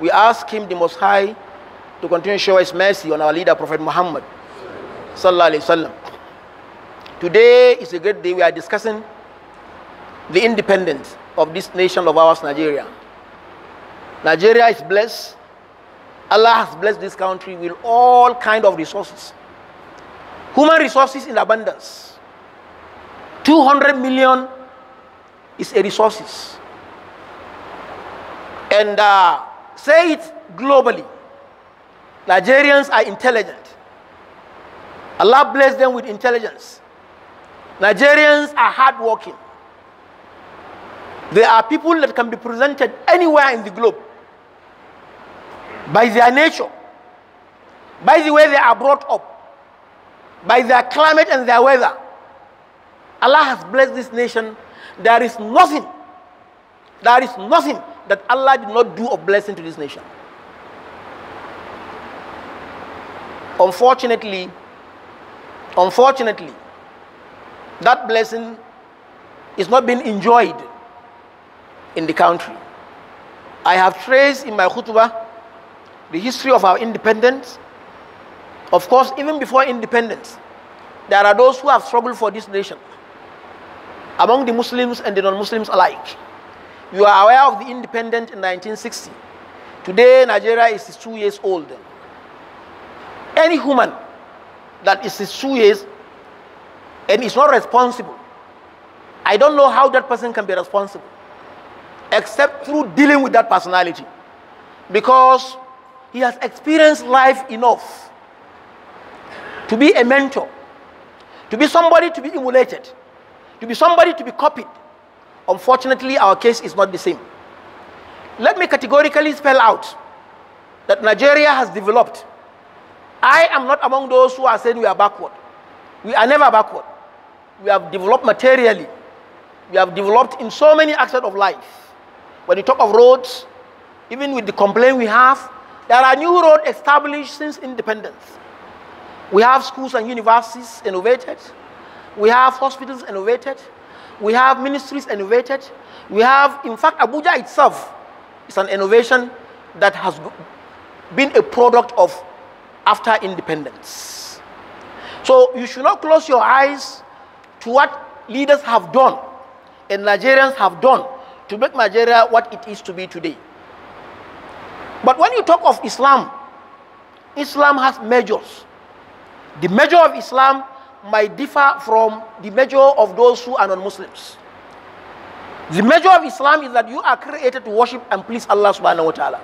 We ask Him, the Most High, to continue to show His mercy on our leader, Prophet Muhammad. Today is a great day. We are discussing the independence of this nation of ours, Nigeria. Nigeria is blessed. Allah has blessed this country with all kind of resources. Human resources in abundance. 200 million is a resources. And uh, Say it globally. Nigerians are intelligent. Allah bless them with intelligence. Nigerians are hardworking. They are people that can be presented anywhere in the globe by their nature, by the way they are brought up, by their climate and their weather. Allah has blessed this nation. There is nothing, there is nothing that Allah did not do a blessing to this nation. Unfortunately, unfortunately, that blessing is not being enjoyed in the country. I have traced in my khutbah the history of our independence. Of course, even before independence, there are those who have struggled for this nation among the Muslims and the non Muslims alike. You are aware of the independence in 1960. Today, Nigeria is two years old. Any human that is two years and is not responsible, I don't know how that person can be responsible except through dealing with that personality because he has experienced life enough to be a mentor, to be somebody to be emulated, to be somebody to be copied, Unfortunately, our case is not the same. Let me categorically spell out that Nigeria has developed. I am not among those who are saying we are backward. We are never backward. We have developed materially. We have developed in so many aspects of life. When you talk of roads, even with the complaint we have, there are new roads established since independence. We have schools and universities innovated. We have hospitals innovated. We have ministries innovated. We have, in fact, Abuja itself is an innovation that has been a product of after independence. So you should not close your eyes to what leaders have done and Nigerians have done to make Nigeria what it is to be today. But when you talk of Islam, Islam has measures. The measure of Islam might differ from the measure of those who are non-Muslims. The measure of Islam is that you are created to worship and please Allah subhanahu wa ta'ala.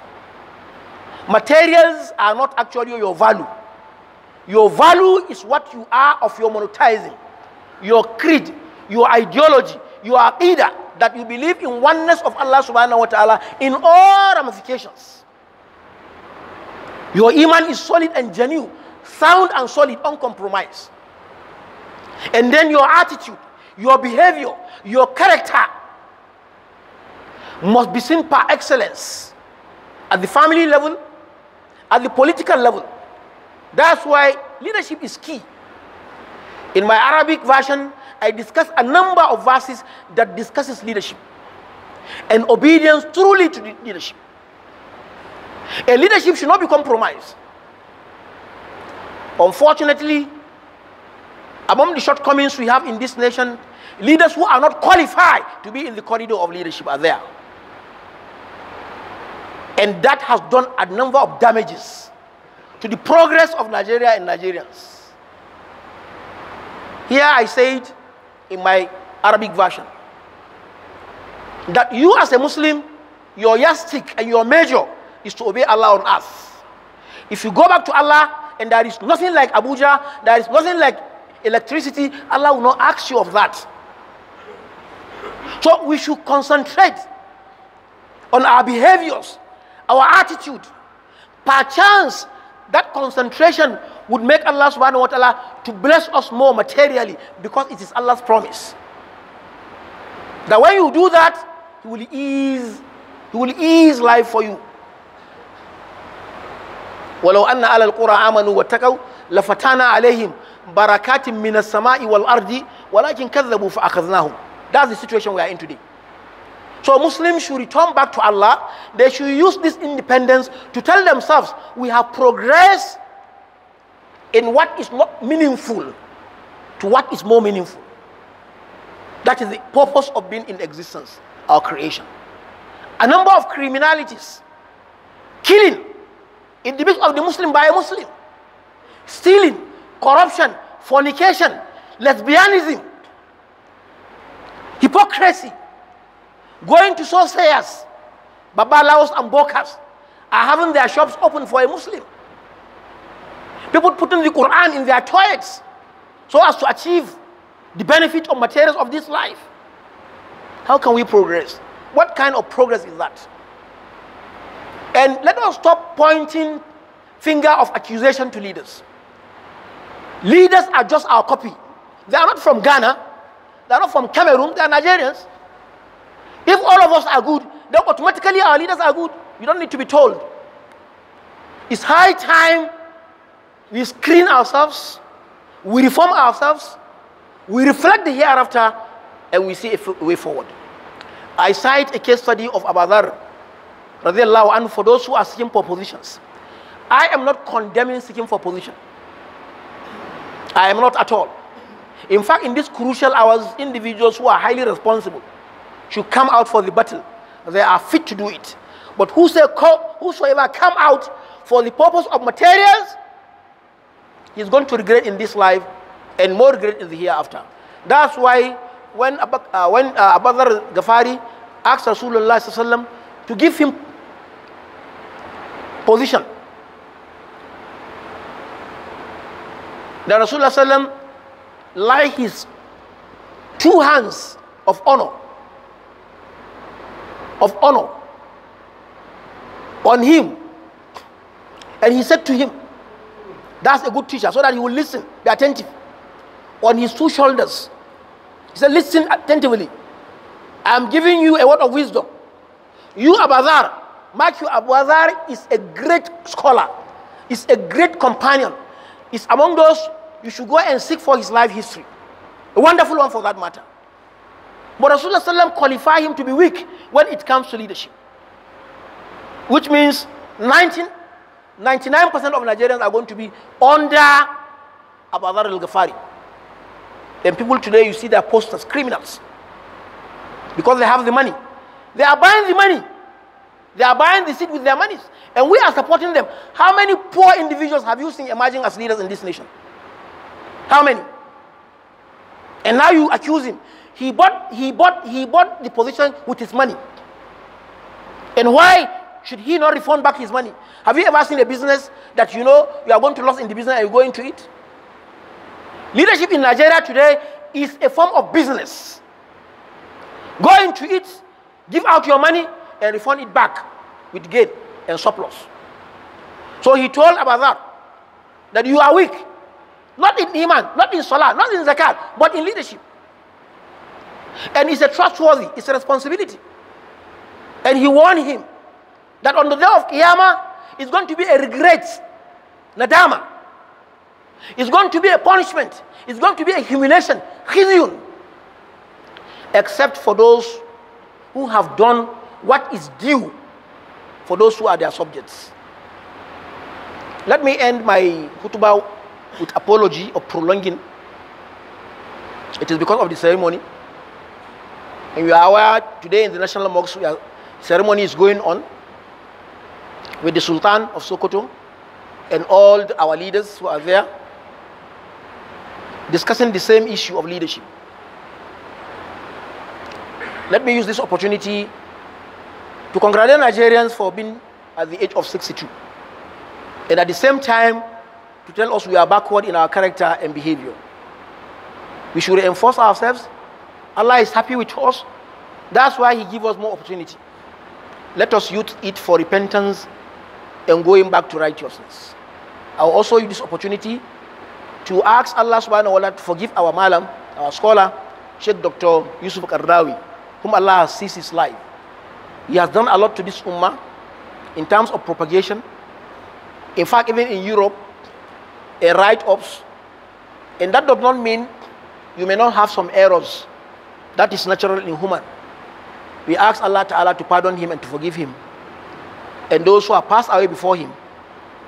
Materials are not actually your value. Your value is what you are of your monetizing, your creed, your ideology, your aqidah, that you believe in oneness of Allah subhanahu wa ta'ala in all ramifications. Your iman is solid and genuine, sound and solid, uncompromised. And then your attitude, your behavior, your character must be seen par excellence at the family level, at the political level. That's why leadership is key. In my Arabic version, I discuss a number of verses that discusses leadership and obedience truly to leadership. A leadership should not be compromised. Unfortunately, among the shortcomings we have in this nation, leaders who are not qualified to be in the corridor of leadership are there. And that has done a number of damages to the progress of Nigeria and Nigerians. Here I said in my Arabic version that you as a Muslim, your yardstick and your measure is to obey Allah on earth. If you go back to Allah and there is nothing like Abuja, there is nothing like electricity, Allah will not ask you of that. So we should concentrate on our behaviors, our attitude. Perchance that concentration would make Allah subhanahu wa ta'ala to bless us more materially because it is Allah's promise. That when you do that, He will ease, He will ease life for you. ولو أن أهل القرى آمنوا واتقوا lafatana alaihim barakatin minas sama'i wal ardi walakin kadhabu fa akhadnahum that's the situation we are in today so muslims should return back to allah they should use this independence to tell themselves we have progressed in what is not meaningful to what is more meaningful that is the purpose of being in existence our creation a number of criminalities killing in the midst of the muslim by a muslim stealing, corruption, fornication, lesbianism, hypocrisy, going to sorcerers, babalaos and bokas are having their shops open for a Muslim. People putting the Quran in their toilets so as to achieve the benefit of materials of this life. How can we progress? What kind of progress is that? And let us stop pointing finger of accusation to leaders. Leaders are just our copy. They are not from Ghana. They are not from Cameroon. They are Nigerians. If all of us are good, then automatically our leaders are good. You don't need to be told. It's high time we screen ourselves, we reform ourselves, we reflect the hereafter, and we see a way forward. I cite a case study of Abadar, radiallahu anhu, for those who are seeking for positions. I am not condemning seeking for position. I am not at all. In fact, in these crucial hours, individuals who are highly responsible should come out for the battle. They are fit to do it. But whosoever come out for the purpose of materials, he's going to regret in this life and more regret in the hereafter. That's why when, uh, when uh, Abu Dhar Ghafari asked Rasulullah to give him position, The Rasulullah sallam like his two hands of honor, of honor on him. And he said to him, that's a good teacher, so that he will listen, be attentive. On his two shoulders, he said, listen attentively. I am giving you a word of wisdom. You, Abazar, Matthew Abu Abazar is a great scholar, is a great companion, is among those you should go and seek for his life history. A wonderful one for that matter. But Rasulullah qualified him to be weak when it comes to leadership. Which means 99% of Nigerians are going to be under Abu Dhar al-Ghafari. people today, you see their posters, criminals. Because they have the money. They are buying the money. They are buying the seat with their monies. And we are supporting them. How many poor individuals have you seen emerging as leaders in this nation? How many? And now you accuse him. He bought, he bought, he bought the position with his money. And why should he not refund back his money? Have you ever seen a business that you know you are going to lose in the business and you go into it? Leadership in Nigeria today is a form of business. Go into it, give out your money, and refund it back with gain and surplus. So he told about that, that you are weak. Not in Iman, not in Salah, not in Zakat, but in leadership. And it's a trustworthy, it's a responsibility. And he warned him that on the day of Qiyamah, it's going to be a regret, nadama. It's going to be a punishment. It's going to be a humiliation, khizyun. Except for those who have done what is due for those who are their subjects. Let me end my khutbah with apology of prolonging. It is because of the ceremony. And you are aware today in the National Mosque, are, ceremony is going on with the Sultan of Sokoto and all the, our leaders who are there discussing the same issue of leadership. Let me use this opportunity to congratulate Nigerians for being at the age of 62. And at the same time, to tell us we are backward in our character and behavior. We should enforce ourselves. Allah is happy with us. That's why He gives us more opportunity. Let us use it for repentance and going back to righteousness. I'll also use this opportunity to ask Allah subhanahu wa ta'ala to forgive our malam, our scholar, Sheikh Dr. Yusuf Kardawi, whom Allah has ceased his life. He has done a lot to this ummah in terms of propagation. In fact, even in Europe, a write-ups. And that does not mean you may not have some errors. That is natural in human. We ask Allah Ta'ala to pardon him and to forgive him. And those who are passed away before him,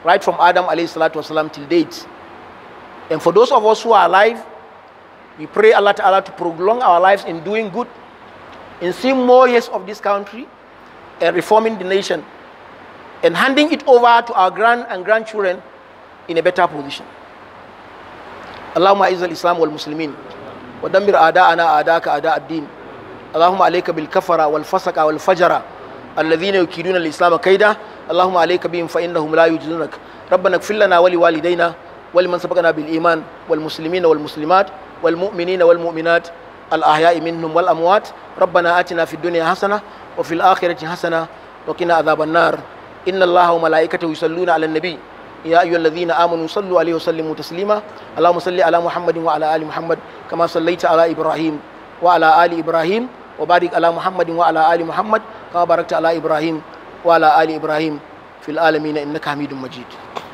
right from Adam alayhi salatu wasalam till date. And for those of us who are alive, we pray Allah Ta'ala to prolong our lives in doing good, in seeing more years of this country, and reforming the nation and handing it over to our grand and grandchildren in a better position. اللهم أعز الإسلام والمسلمين ودمر أعداءنا أعداءك أعداء الدين اللهم عليك بالكفرة والفسق والفجرة الذين يكيدون الإسلام كيدا اللهم عليك بهم فإنهم لا يجزونك ربنا اغفر لنا ولوالدينا ولمن سبقنا بالإيمان والمسلمين والمسلمات والمؤمنين والمؤمنات الأحياء منهم والأموات ربنا آتنا في الدنيا حسنة wa fil akhirati hasana wa qina adhaban nar inna allaha wa malaikatahu yusalluna ala nabi يا أيها الذين آمنوا صلوا عليه وسلموا تسليما اللهم صل على محمد وعلى آل محمد كما صليت على إبراهيم وعلى آل إبراهيم وبارك على محمد وعلى آل محمد كما باركت على إبراهيم وعلى آل إبراهيم في العالمين إنك حميد مجيد